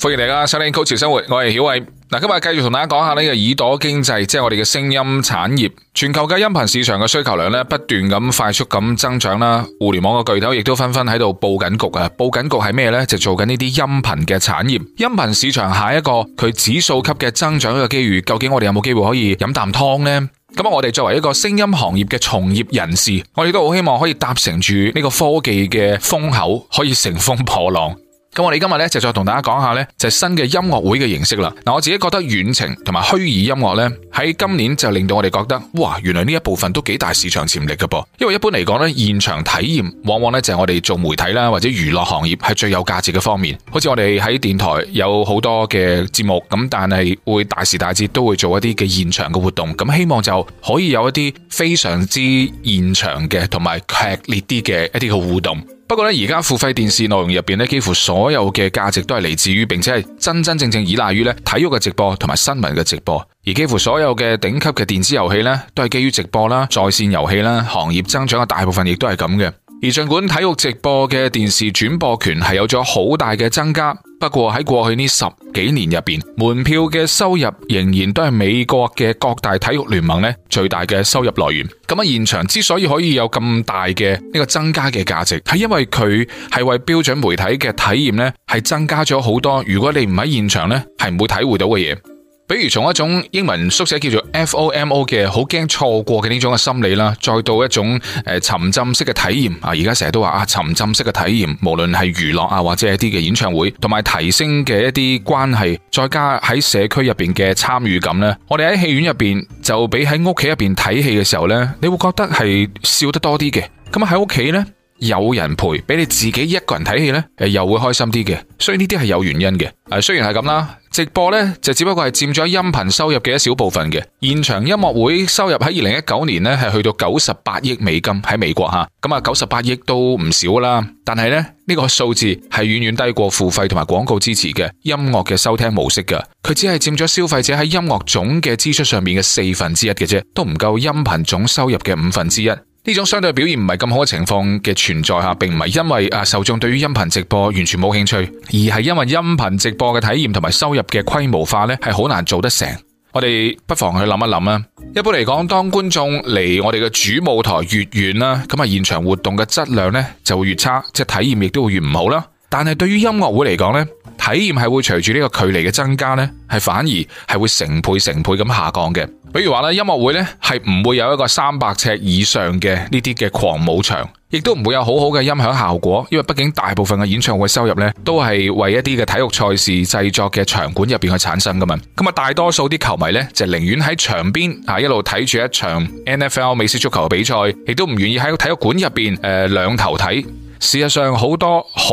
歡迎嚟啦！收聽高潮生活，我係曉偉。嗱，今日繼續同大家講下呢個耳朵經濟，即係我哋嘅聲音產業。全球嘅音頻市場嘅需求量咧，不斷咁快速咁增長啦。互聯網嘅巨頭亦都紛紛喺度布緊局啊！布緊局係咩呢？就做緊呢啲音頻嘅產業。音頻市場下一個佢指數級嘅增長嘅機遇，究竟我哋有冇機會可以飲啖湯呢？咁我哋作為一個聲音行業嘅從業人士，我哋都好希望可以搭乘住呢個科技嘅風口，可以乘風破浪。咁我哋今日咧就再同大家講下咧就係新嘅音樂會嘅形式啦。嗱，我自己覺得遠程同埋虛擬音樂咧，喺今年就令到我哋覺得哇，原來呢一部分都幾大市場潛力㗎噃。因為一般嚟講咧，現場體驗往往咧就係我哋做媒體啦，或者娛樂行業係最有價值嘅方面。好似我哋喺電台有好多嘅節目咁，但係會大時大節都會做一啲嘅現場嘅活動。咁希望就可以有一啲非常之現場嘅同埋劇烈啲嘅一啲嘅互動。不過咧，而家付費電視內容入面咧，幾乎所有嘅價值都係嚟自於，並且係真真正正依賴於咧體育嘅直播同埋新聞嘅直播，而幾乎所有嘅頂級嘅電子遊戲咧，都係基於直播啦，在線遊戲啦，行業增長嘅大部分亦都係咁嘅。而儘管體育直播嘅電視轉播權係有咗好大嘅增加，不過喺過去呢十幾年入面，門票嘅收入仍然都係美國嘅各大體育聯盟咧最大嘅收入來源。咁喺現場之所以可以有咁大嘅呢個增加嘅價值，係因為佢係為標準媒體嘅體驗呢係增加咗好多。如果你唔喺現場呢，係唔會體會到嘅嘢。比如從一種英文縮寫叫做 FOMO 嘅好驚錯過嘅呢種嘅心理啦，再到一種誒沉浸式嘅體驗啊！而家成日都話啊，沉浸式嘅體驗，無論係娛樂啊，或者一啲嘅演唱會，同埋提升嘅一啲關係，再加喺社區入邊嘅參與感呢。我哋喺戲院入邊就比喺屋企入邊睇戲嘅時候呢，你會覺得係笑得多啲嘅。咁喺屋企呢，有人陪，比你自己一個人睇戲呢，又會開心啲嘅。所以呢啲係有原因嘅。誒雖然係咁啦。直播呢，就只不過係佔咗音頻收入嘅一小部分嘅，現場音樂會收入喺二零一九年呢，係去到九十八億美金喺美國吓，咁啊九十八億都唔少啦，但係呢，呢個數字係遠遠低過付費同埋廣告支持嘅音樂嘅收聽模式嘅，佢只係佔咗消費者喺音樂總嘅支出上面嘅四分之一嘅啫，都唔夠音頻總收入嘅五分之一。呢種相對表現唔係咁好嘅情況嘅存在吓，並唔係因為啊受眾對於音頻直播完全冇興趣，而係因為音頻直播嘅體驗同埋收入嘅規模化咧係好難做得成。我哋不妨去諗一諗吖。一般嚟講，當觀眾離我哋嘅主舞台越遠啦，咁啊現場活動嘅質量咧就會越差，即係體驗亦都會越唔好啦。但係對於音樂會嚟講咧，體驗係會隨住呢個距離嘅增加咧，係反而係會成倍成倍咁下降嘅。比如話咧，音樂會咧係唔會有一個三百尺以上嘅呢啲嘅狂舞場，亦都唔會有好好嘅音響效果，因為畢竟大部分嘅演唱會收入咧都係為一啲嘅體育賽事製作嘅場館入邊去產生噶嘛，咁啊大多數啲球迷咧就寧願喺場邊啊一路睇住一場 NFL 美式足球比賽，亦都唔願意喺個體育館入邊誒兩頭睇。事實上，好多好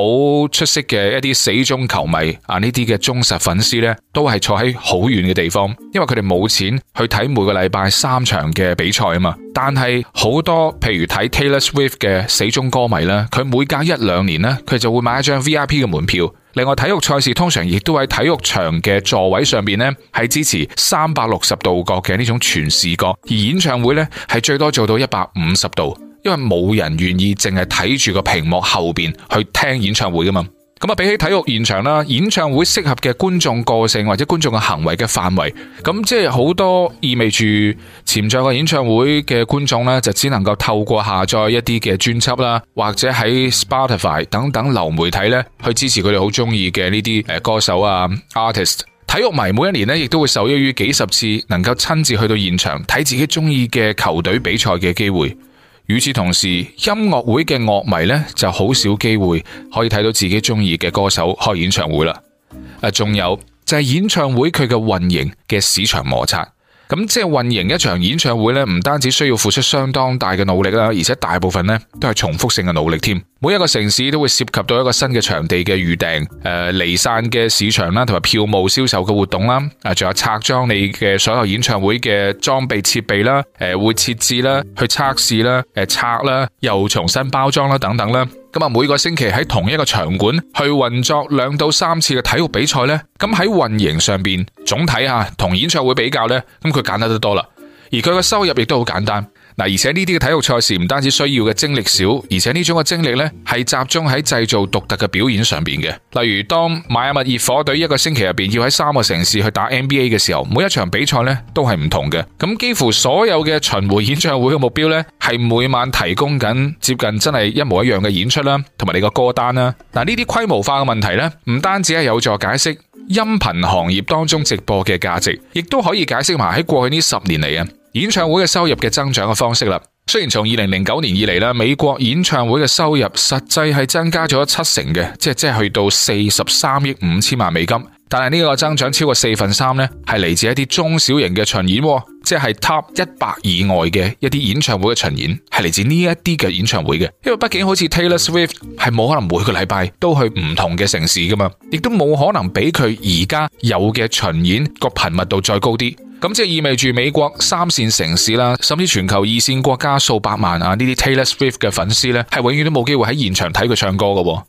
出色嘅一啲死忠球迷啊，呢啲嘅忠實粉絲呢，都係坐喺好遠嘅地方，因為佢哋冇錢去睇每個禮拜三場嘅比賽啊嘛。但係好多譬如睇 Taylor Swift 嘅死忠歌迷呢，佢每隔一兩年呢，佢就會買一張 VIP 嘅門票。另外，體育賽事通常亦都喺體育場嘅座位上面呢，係支持三百六十度角嘅呢種全視角，而演唱會呢，係最多做到一百五十度。因為冇人願意淨係睇住個屏幕後邊去聽演唱會噶嘛。咁啊，比起體育現場啦，演唱會適合嘅觀眾個性或者觀眾嘅行為嘅範圍，咁即係好多意味住潛在嘅演唱會嘅觀眾咧，就只能夠透過下載一啲嘅專輯啦，或者喺 Spotify 等等流媒體咧去支持佢哋好中意嘅呢啲誒歌手啊 artist。體育迷每一年咧，亦都會受益於幾十次能夠親自去到現場睇自己中意嘅球隊比賽嘅機會。與此同時，音樂會嘅樂迷咧就好少機會可以睇到自己中意嘅歌手開演唱會啦。誒，仲有就係演唱會佢嘅運營嘅市場摩擦。咁即係運營一場演唱會呢，唔單只需要付出相當大嘅努力啦，而且大部分呢都係重複性嘅努力添。每一個城市都會涉及到一個新嘅場地嘅預訂，誒、呃、離散嘅市場啦，同埋票務銷售嘅活動啦，啊，仲有拆裝你嘅所有演唱會嘅裝備設備啦，誒、呃，會設置啦，去測試啦，誒、呃，拆啦，又重新包裝啦，等等啦。咁、嗯、啊，每個星期喺同一個場館去運作兩到三次嘅體育比賽呢。咁喺運營上邊總體吓同演唱會比較呢，咁佢簡單得多啦，而佢嘅收入亦都好簡單。而且呢啲嘅體育賽事唔單止需要嘅精力少，而且呢種嘅精力呢係集中喺製造獨特嘅表演上邊嘅。例如，當邁阿密熱火隊一個星期入邊要喺三個城市去打 NBA 嘅時候，每一場比賽呢都係唔同嘅。咁幾乎所有嘅巡迴演唱會嘅目標呢，係每晚提供緊接近真係一模一樣嘅演出啦，同埋你個歌單啦。嗱，呢啲規模化嘅問題呢，唔單止係有助解釋音頻行業當中直播嘅價值，亦都可以解釋埋喺過去呢十年嚟啊。演唱會嘅收入嘅增長嘅方式啦，雖然從二零零九年以嚟咧，美國演唱會嘅收入實際係增加咗七成嘅，即係即係去到四十三億五千萬美金，但係呢個增長超過四分三呢，係嚟自一啲中小型嘅巡演，即係 Top 一百以外嘅一啲演唱會嘅巡演，係嚟自呢一啲嘅演唱會嘅，因為畢竟好似 Taylor Swift 係冇可能每個禮拜都去唔同嘅城市㗎嘛，亦都冇可能比佢而家有嘅巡演個頻密度再高啲。咁即係意味住美國三線城市啦，甚至全球二線國家數百萬啊呢啲 Taylor Swift 嘅粉絲呢，係永遠都冇機會喺現場睇佢唱歌嘅。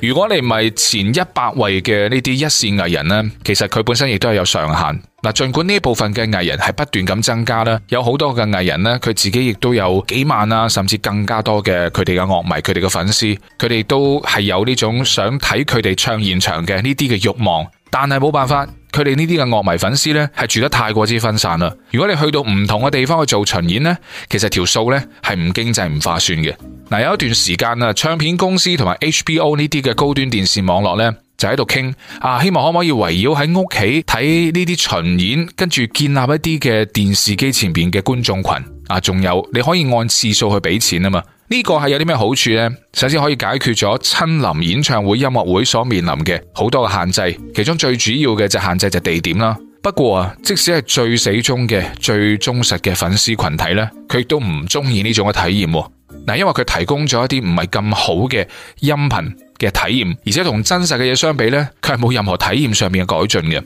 如果你唔係前一百位嘅呢啲一線藝人呢，其實佢本身亦都係有上限。嗱，盡管呢一部分嘅藝人係不斷咁增加啦，有好多嘅藝人呢，佢自己亦都有幾萬啊，甚至更加多嘅佢哋嘅樂迷、佢哋嘅粉絲，佢哋都係有呢種想睇佢哋唱現場嘅呢啲嘅欲望，但係冇辦法。佢哋呢啲嘅樂迷粉絲呢，係住得太過之分散啦。如果你去到唔同嘅地方去做巡演呢，其實條數呢係唔經濟唔划算嘅。嗱，有一段時間啊，唱片公司同埋 HBO 呢啲嘅高端電視網絡呢，就喺度傾啊，希望可唔可以圍繞喺屋企睇呢啲巡演，跟住建立一啲嘅電視機前邊嘅觀眾群啊。仲有，你可以按次數去俾錢啊嘛。呢個係有啲咩好處呢？首先可以解決咗親臨演唱會、音樂會所面臨嘅好多嘅限制，其中最主要嘅就限制就係地點啦。不過即使係最死忠嘅、最忠實嘅粉絲群體呢，佢都唔中意呢種嘅體驗。嗱，因為佢提供咗一啲唔係咁好嘅音頻嘅體驗，而且同真實嘅嘢相比咧，佢係冇任何體驗上面嘅改進嘅。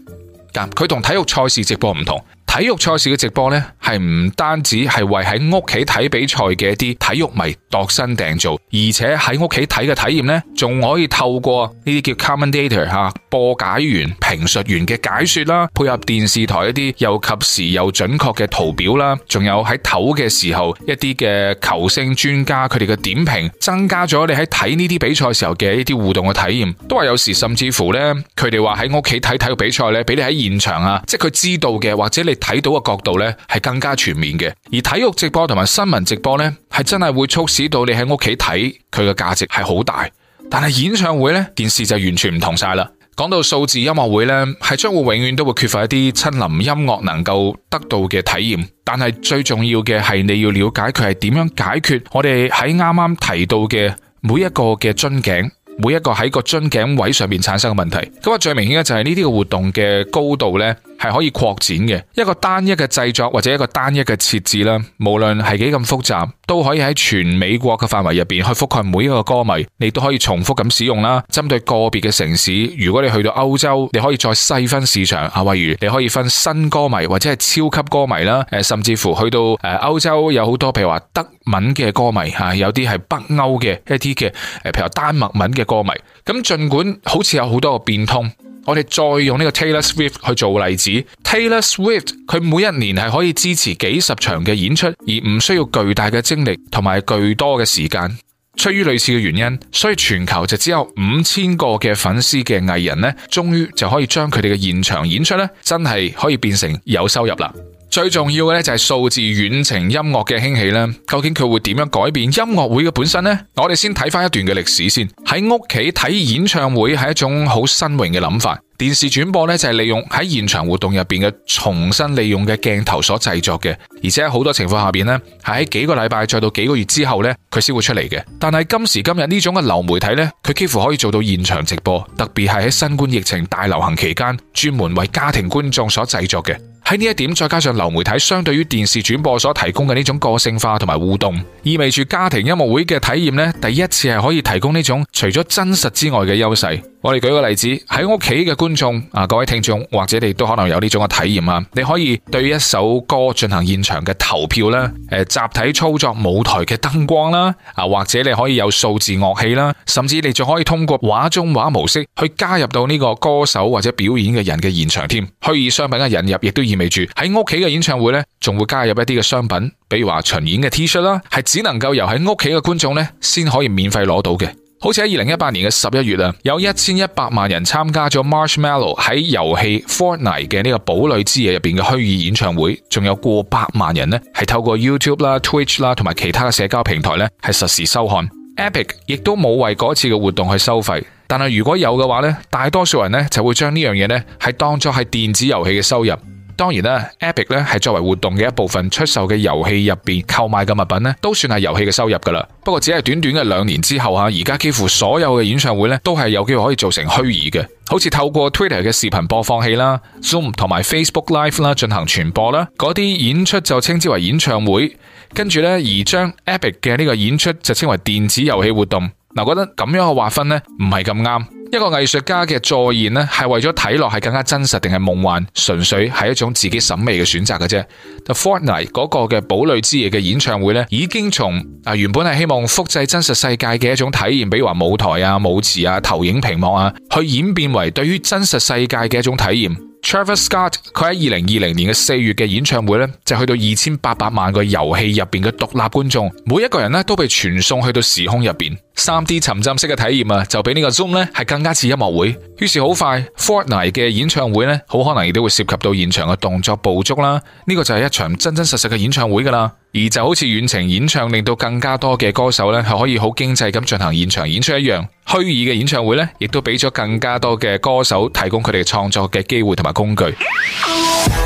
咁佢同體育賽事直播唔同。體育賽事嘅直播呢，係唔單止係為喺屋企睇比賽嘅一啲體育迷度身訂造，而且喺屋企睇嘅體驗呢，仲可以透過呢啲叫 commentator 吓、啊、播解員、評述員嘅解說啦，配合電視台一啲又及時又準確嘅圖表啦，仲有喺唞嘅時候一啲嘅球星專家佢哋嘅點評，增加咗你喺睇呢啲比賽時候嘅一啲互動嘅體驗。都話有時甚至乎呢，佢哋話喺屋企睇體育比賽呢，比你喺現場啊，即係佢知道嘅或者你。睇到嘅角度咧，係更加全面嘅。而體育直播同埋新聞直播咧，係真係會促使到你喺屋企睇，佢嘅價值係好大。但係演唱會咧，件事就完全唔同晒啦。講到數字音樂會咧，係將會永遠都會缺乏一啲親臨音樂能夠得到嘅體驗。但係最重要嘅係你要了解佢係點樣解決我哋喺啱啱提到嘅每一個嘅樽頸，每一個喺個樽頸位上面產生嘅問題。咁啊，最明顯嘅就係呢啲個活動嘅高度咧，係可以擴展嘅一個單一嘅製作或者一個單一嘅設置啦，無論係幾咁複雜，都可以喺全美國嘅範圍入邊去覆蓋每一個歌迷，你都可以重複咁使用啦。針對個別嘅城市，如果你去到歐洲，你可以再細分市場啊。例如你可以分新歌迷或者係超級歌迷啦。誒，甚至乎去到誒歐洲有好多譬如話德文嘅歌迷嚇，有啲係北歐嘅一啲嘅誒，譬如話丹麥文嘅歌迷。咁儘管好似有好多個變通。我哋再用呢個 Taylor Swift 去做例子，Taylor Swift 佢每一年係可以支持幾十場嘅演出，而唔需要巨大嘅精力同埋巨多嘅時間。出於類似嘅原因，所以全球就只有五千個嘅粉絲嘅藝人呢，終於就可以將佢哋嘅現場演出呢，真係可以變成有收入啦。最重要嘅咧就係數字遠程音樂嘅興起呢，究竟佢會點樣改變音樂會嘅本身呢？我哋先睇翻一段嘅歷史先。喺屋企睇演唱會係一種好新穎嘅諗法。電視轉播咧就係利用喺現場活動入面嘅重新利用嘅鏡頭所製作嘅，而且喺好多情況下邊呢，係喺幾個禮拜再到幾個月之後呢，佢先會出嚟嘅。但係今時今日呢種嘅流媒體呢，佢幾乎可以做到現場直播，特別係喺新冠疫情大流行期間，專門為家庭觀眾所製作嘅。喺呢一點，再加上流媒體相對於電視轉播所提供嘅呢種個性化同埋互動，意味住家庭音樂會嘅體驗呢，第一次係可以提供呢種除咗真實之外嘅優勢。我哋舉個例子，喺屋企嘅觀眾啊，各位聽眾或者你都可能有呢種嘅體驗啊，你可以對一首歌進行現場嘅投票啦，誒、呃，集體操作舞台嘅燈光啦，啊，或者你可以有數字樂器啦、啊，甚至你仲可以通過畫中畫模式去加入到呢個歌手或者表演嘅人嘅現場添。虛擬商品嘅引入亦都意味住喺屋企嘅演唱會咧，仲會加入一啲嘅商品，比如話巡演嘅 T 恤啦，係只能夠由喺屋企嘅觀眾咧先可以免費攞到嘅。好似喺二零一八年嘅十一月啊，有一千一百萬人參加咗 Marshmallow 喺遊戲 Fortnite 嘅呢個堡壘之夜入邊嘅虛擬演唱會，仲有過百萬人呢係透過 YouTube 啦、Twitch 啦同埋其他嘅社交平台呢係實時收看。Epic 亦都冇為嗰次嘅活動去收費，但係如果有嘅話呢，大多數人呢就會將呢樣嘢呢係當作係電子遊戲嘅收入。當然啦，Epic 咧係作為活動嘅一部分出售嘅遊戲入邊購買嘅物品咧，都算係遊戲嘅收入噶啦。不過只係短短嘅兩年之後吓，而家幾乎所有嘅演唱會咧都係有機會可以做成虛擬嘅，好似透過 Twitter 嘅視頻播放器啦、Zoom 同埋 Facebook Live 啦進行傳播啦，嗰啲演出就稱之為演唱會，跟住咧而將 Epic 嘅呢個演出就稱為電子遊戲活動。嗱，我覺得咁樣嘅劃分咧唔係咁啱。一個藝術家嘅再現咧，係為咗睇落係更加真實定係夢幻，純粹係一種自己審美嘅選擇嘅啫。The Fortnite 嗰個嘅堡壘之夜嘅演唱會咧，已經從原本係希望複製真實世界嘅一種體驗，比如話舞台啊、舞池啊、投影屏幕啊，去演變為對於真實世界嘅一種體驗。Travis Scott 佢喺二零二零年嘅四月嘅演唱會呢，就去到二千八百萬個遊戲入邊嘅獨立觀眾，每一個人咧都被傳送去到時空入邊。三 D 沉浸式嘅體驗啊，就比呢個 Zoom 咧係更加似音樂會。於是好快，Fortnite 嘅演唱會咧，好可能亦都會涉及到現場嘅動作捕捉啦。呢、呢個就係一場真真實實嘅演唱會噶啦。而就好似遠程演唱令到更加多嘅歌手咧係可以好經濟咁進行現場演出一樣，虛擬嘅演唱會咧亦都俾咗更加多嘅歌手提供佢哋嘅創作嘅機會同埋工具。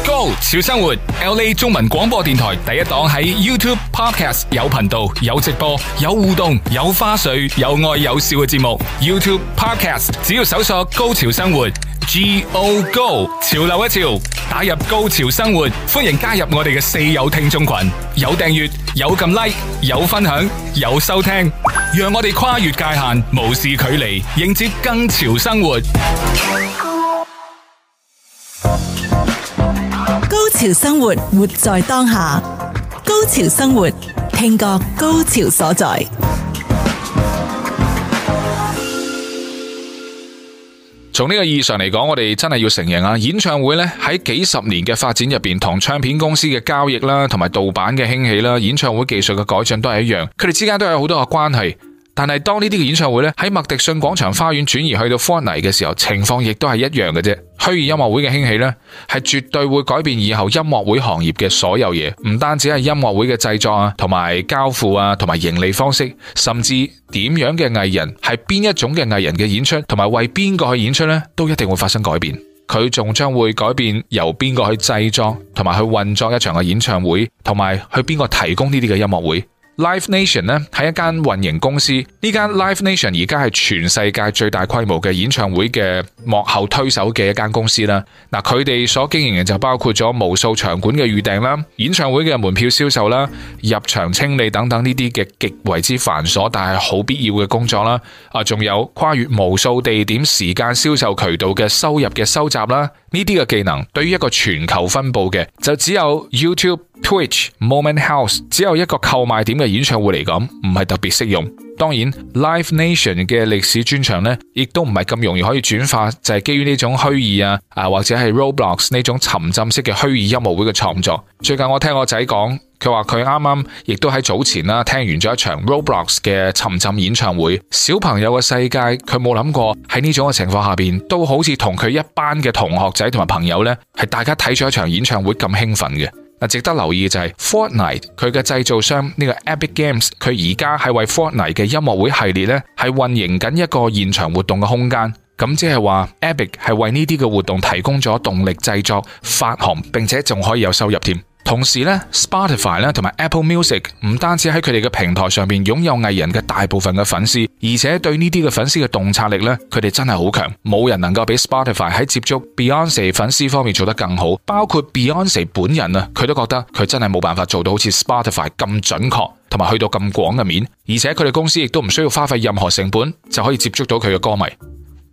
Go 潮生活，LA 中文廣播電台第一檔喺 YouTube Podcast 有頻道、有直播、有互動、有花絮。有愛有笑嘅節目，YouTube podcast 只要搜索“高潮生活 g、o、”，Go g 潮流一潮，打入高潮生活，歡迎加入我哋嘅四友聽眾群，有訂閱，有撳 like，有分享，有收聽，讓我哋跨越界限，無視距離，迎接更潮生活。高潮生活活在當下，高潮生活聽過高潮所在。從呢個意義上嚟講，我哋真係要承認啊。演唱會呢，喺幾十年嘅發展入面，同唱片公司嘅交易啦，同埋盜版嘅興起啦，演唱會技術嘅改進都係一樣，佢哋之間都有好多嘅關係。但係當呢啲嘅演唱會咧，喺麥迪遜廣場花園轉移去到科尼 r 嘅時候，情況亦都係一樣嘅啫。虛擬音樂會嘅興起呢，係絕對會改變以後音樂會行業嘅所有嘢，唔單止係音樂會嘅製作啊，同埋交付啊，同埋盈利方式，甚至點樣嘅藝人，係邊一種嘅藝人嘅演出，同埋為邊個去演出呢，都一定會發生改變。佢仲將會改變由邊個去製作，同埋去運作一場嘅演唱會，同埋去邊個提供呢啲嘅音樂會。Live Nation 咧係一間運營公司，呢間 Live Nation 而家係全世界最大規模嘅演唱會嘅幕後推手嘅一間公司啦。嗱，佢哋所經營嘅就包括咗無數場館嘅預訂啦、演唱會嘅門票銷售啦、入場清理等等呢啲嘅極為之繁瑣但係好必要嘅工作啦。啊，仲有跨越無數地點、時間、銷售渠道嘅收入嘅收集啦，呢啲嘅技能對於一個全球分布嘅就只有 YouTube。Twitch、Moment House 只有一個購買點嘅演唱會嚟講，唔係特別適用。當然，Live Nation 嘅歷史專場呢，亦都唔係咁容易可以轉化，就係基於呢種虛擬啊，啊或者係 Roblox 呢種沉浸式嘅虛擬音樂會嘅創作。最近我聽我仔講，佢話佢啱啱亦都喺早前啦聽完咗一場 Roblox 嘅沉浸演唱會。小朋友嘅世界，佢冇諗過喺呢種嘅情況下邊，都好似同佢一班嘅同學仔同埋朋友咧，係大家睇咗一場演唱會咁興奮嘅。值得留意就係《Fortnite》，佢嘅製造商呢個 Epic Games，佢而家係為《Fortnite》嘅音樂會系列呢係運營緊一個現場活動嘅空間。咁即係話，Epic 係為呢啲嘅活動提供咗動力製作發行，並且仲可以有收入添。同時咧，Spotify 咧同埋 Apple Music 唔單止喺佢哋嘅平台上邊擁有藝人嘅大部分嘅粉絲，而且對呢啲嘅粉絲嘅洞察力咧，佢哋真係好強，冇人能夠比 Spotify 喺接觸 Beyonce 粉絲方面做得更好。包括 Beyonce 本人啊，佢都覺得佢真係冇辦法做到好似 Spotify 咁準確，同埋去到咁廣嘅面，而且佢哋公司亦都唔需要花費任何成本就可以接觸到佢嘅歌迷。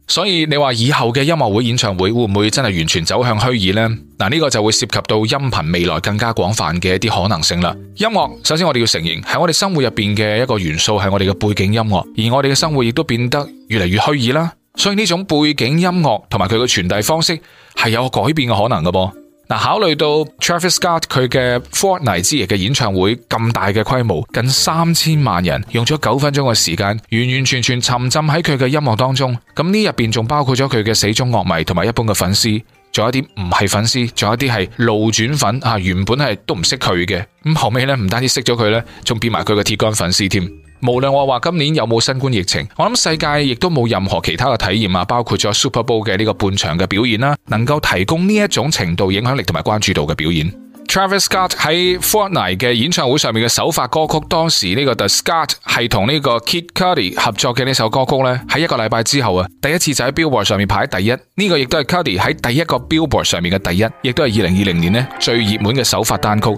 所以你話以後嘅音樂會演唱會會唔會真係完全走向虛擬呢？嗱、這、呢個就會涉及到音頻未來更加廣泛嘅一啲可能性啦。音樂首先我哋要承認喺我哋生活入面嘅一個元素係我哋嘅背景音樂，而我哋嘅生活亦都變得越嚟越虛擬啦。所以呢種背景音樂同埋佢嘅傳遞方式係有改變嘅可能噶噃。嗱，考慮到 Travis Scott 佢嘅《Fortnite 之夜》嘅演唱會咁大嘅規模，近三千萬人用咗九分鐘嘅時間，完完全全沉浸喺佢嘅音樂當中。咁呢入邊仲包括咗佢嘅死忠樂迷同埋一般嘅粉絲，仲有一啲唔係粉絲，仲有一啲係路轉粉啊，原本係都唔識佢嘅，咁後尾咧唔單止識咗佢咧，仲變埋佢嘅鐵杆粉絲添。無論我話今年有冇新冠疫情，我諗世界亦都冇任何其他嘅體驗啊，包括咗 Super Bowl 嘅呢個半場嘅表演啦，能夠提供呢一種程度影響力同埋關注度嘅表演。Travis Scott 喺 Fortnite 嘅演唱會上面嘅首發歌曲，當時呢個 The Scott 係同呢個 Kid Cudi 合作嘅呢首歌曲呢，喺一個禮拜之後啊，第一次就喺 Billboard 上面排第一。呢個亦都係 Cudi 喺第一個 Billboard 上面嘅第一，亦都係二零二零年呢最熱門嘅首發單曲。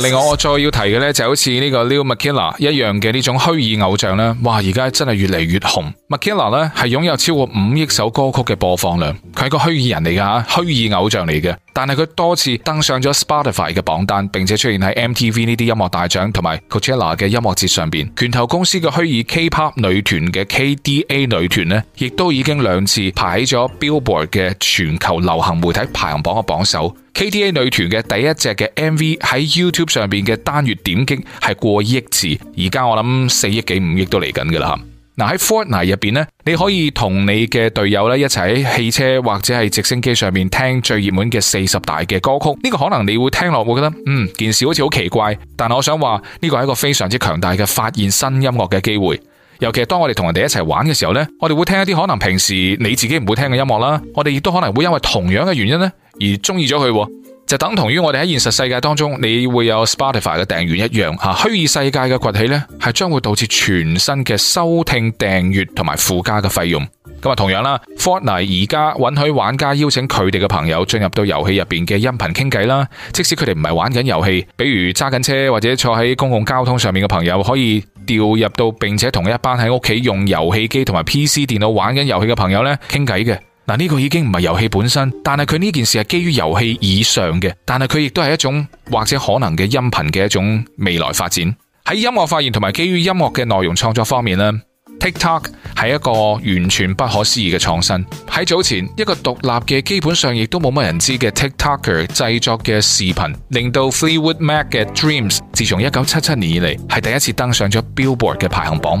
另外我再要提嘅呢就好似呢個 Lil Miquela 一樣嘅呢種虛擬偶像咧，哇，而家真係越嚟越紅。Miquela 呢係擁有超過五億首歌曲嘅播放量，佢係個虛擬人嚟噶吓，虛擬偶像嚟嘅。但係佢多次登上咗 Spotify 嘅榜單，並且出現喺 MTV 呢啲音樂大獎同埋 Coachella 嘅音樂節上面。拳頭公司嘅虛擬 K-pop 女團嘅 KDA 女團呢，亦都已經兩次排喺咗 Billboard 嘅全球流行媒體排行榜嘅榜首。K T A 女團嘅第一隻嘅 M V 喺 YouTube 上邊嘅單月點擊係過億次，而家我諗四億幾五億都嚟緊噶啦。嗱、啊、喺 Fortnite 入邊咧，你可以同你嘅隊友咧一齊喺汽車或者係直升機上面聽最熱門嘅四十大嘅歌曲。呢、這個可能你會聽落會覺得，嗯，件事好似好奇怪，但我想話呢個係一個非常之強大嘅發現新音樂嘅機會。尤其係當我哋同人哋一齊玩嘅時候呢，我哋會聽一啲可能平時你自己唔會聽嘅音樂啦，我哋亦都可能會因為同樣嘅原因呢而中意咗佢，就等同於我哋喺現實世界當中你會有 Spotify 嘅訂閱一樣吓，虛擬世界嘅崛起呢，係將會導致全新嘅收聽訂閱同埋附加嘅費用。今日同樣啦 Fortnite 而家允許玩家邀請佢哋嘅朋友進入到遊戲入邊嘅音頻傾偈啦。即使佢哋唔係玩緊遊戲，比如揸緊車或者坐喺公共交通上面嘅朋友，可以調入到並且同一班喺屋企用遊戲機同埋 PC 電腦玩緊遊戲嘅朋友咧傾偈嘅。嗱、這、呢個已經唔係遊戲本身，但係佢呢件事係基於遊戲以上嘅，但係佢亦都係一種或者可能嘅音頻嘅一種未來發展。喺音樂發現同埋基於音樂嘅內容創作方面啦。TikTok 係一個完全不可思議嘅創新。喺早前，一個獨立嘅基本上亦都冇乜人知嘅 TikToker 製作嘅視頻，令到 Fleetwood Mac 嘅 Dreams 自從一九七七年以來係第一次登上咗 Billboard 嘅排行榜。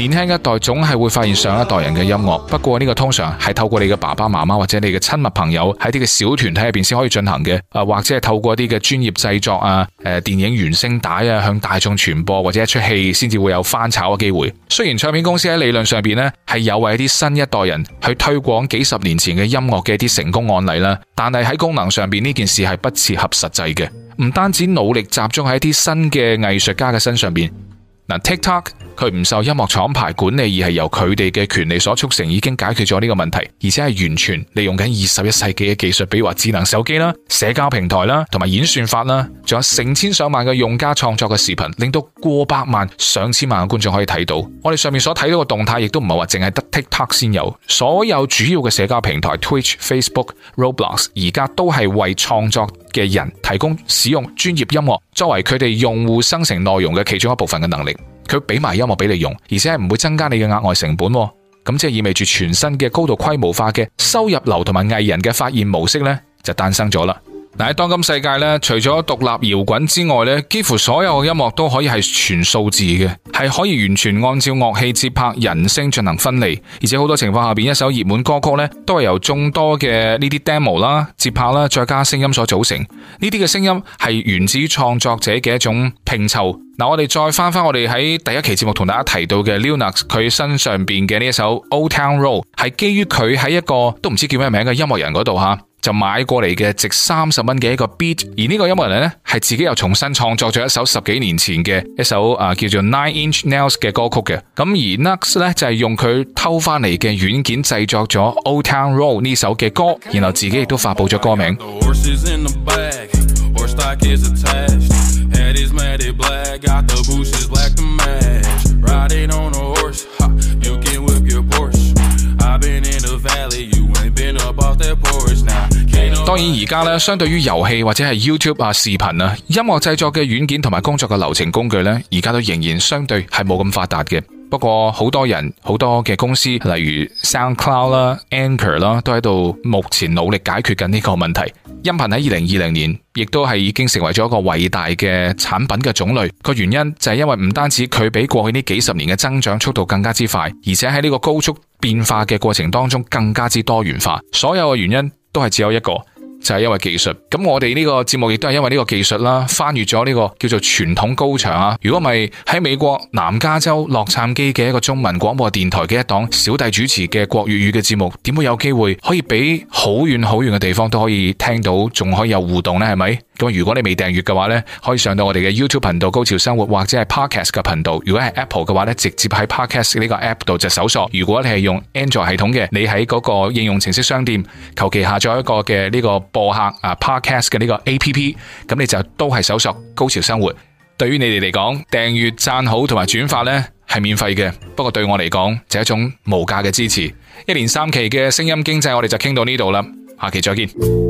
年輕一代總係會發現上一代人嘅音樂，不過呢個通常係透過你嘅爸爸媽媽或者你嘅親密朋友喺啲嘅小團體入邊先可以進行嘅，誒，或者係透過啲嘅專業製作啊，誒，電影原聲帶啊，向大眾傳播或者一齣戲先至會有翻炒嘅機會。雖然唱片公司喺理論上邊呢係有為一啲新一代人去推廣幾十年前嘅音樂嘅一啲成功案例啦，但係喺功能上邊呢件事係不切合實際嘅，唔單止努力集中喺一啲新嘅藝術家嘅身上邊，TikTok。佢唔受音樂廠牌管理，而係由佢哋嘅權利所促成，已經解決咗呢個問題，而且係完全利用緊二十一世紀嘅技術，比如話智能手機啦、社交平台啦、同埋演算法啦，仲有成千上萬嘅用家創作嘅視頻，令到過百萬、上千萬嘅觀眾可以睇到。我哋上面所睇到嘅動態，亦都唔係話淨係得 TikTok 先有，所有主要嘅社交平台 Twitch、Facebook、Roblox 而家都係為創作嘅人提供使用專業音樂作為佢哋用戶生成內容嘅其中一部分嘅能力。佢俾埋音樂俾你用，而且係唔會增加你嘅額外成本，啊，咁即係意味住全新嘅高度規模化嘅收入流同埋藝人嘅發現模式呢，就誕生咗啦。嗱，喺當今世界咧，除咗獨立搖滾之外咧，幾乎所有嘅音樂都可以係全數字嘅，係可以完全按照樂器節拍、人聲進行分離。而且好多情況下邊，一首熱門歌曲咧，都係由眾多嘅呢啲 demo 啦、節拍啦，再加聲音所組成。呢啲嘅聲音係源自於創作者嘅一種拼湊。嗱，我哋再返返我哋喺第一期節目同大家提到嘅 Lil Nas X，佢身上邊嘅呢一首 Old Town Road，係基於佢喺一個都唔知叫咩名嘅音樂人嗰度吓，就買過嚟嘅值三十蚊嘅一個 beat，而呢個音樂人呢係自己又重新創作咗一首十幾年前嘅一首啊叫做 Nine Inch Nails 嘅歌曲嘅，咁而 Nux 咧就係用佢偷翻嚟嘅軟件製作咗 Old Town Road 呢首嘅歌，然後自己亦都發布咗歌名。當然，而家咧，相對於遊戲或者係 YouTube 啊、視頻啊、音樂製作嘅軟件同埋工作嘅流程工具咧，而家都仍然相對係冇咁發達嘅。不過，好多人、好多嘅公司，例如 SoundCloud 啦、Anchor 啦，都喺度目前努力解決緊呢個問題。音頻喺二零二零年，亦都係已經成為咗一個偉大嘅產品嘅種類。個原因就係因為唔單止佢比過去呢幾十年嘅增長速度更加之快，而且喺呢個高速。變化嘅過程當中更加之多元化，所有嘅原因都係只有一個，就係、是、因為技術。咁我哋呢個節目亦都係因為呢個技術啦，翻越咗呢個叫做傳統高牆啊！如果唔係喺美國南加州洛杉磯嘅一個中文廣播電台嘅一檔小弟主持嘅國粵語嘅節目，點會有機會可以俾好遠好遠嘅地方都可以聽到，仲可以有互動咧？係咪？如果你未訂閱嘅話咧，可以上到我哋嘅 YouTube 頻道《高潮生活》或者係 Podcast 嘅頻道。如果係 Apple 嘅話咧，直接喺 Podcast 呢個 App 度就搜索。如果你係用 Android 系統嘅，你喺嗰個應用程式商店求其下載一個嘅呢個播客啊 Podcast 嘅呢個 APP，咁你就都係搜索《高潮生活》。對於你哋嚟講，訂閱、讚好同埋轉發咧係免費嘅。不過對我嚟講，就係一種無價嘅支持。一連三期嘅聲音經濟，我哋就傾到呢度啦，下期再見。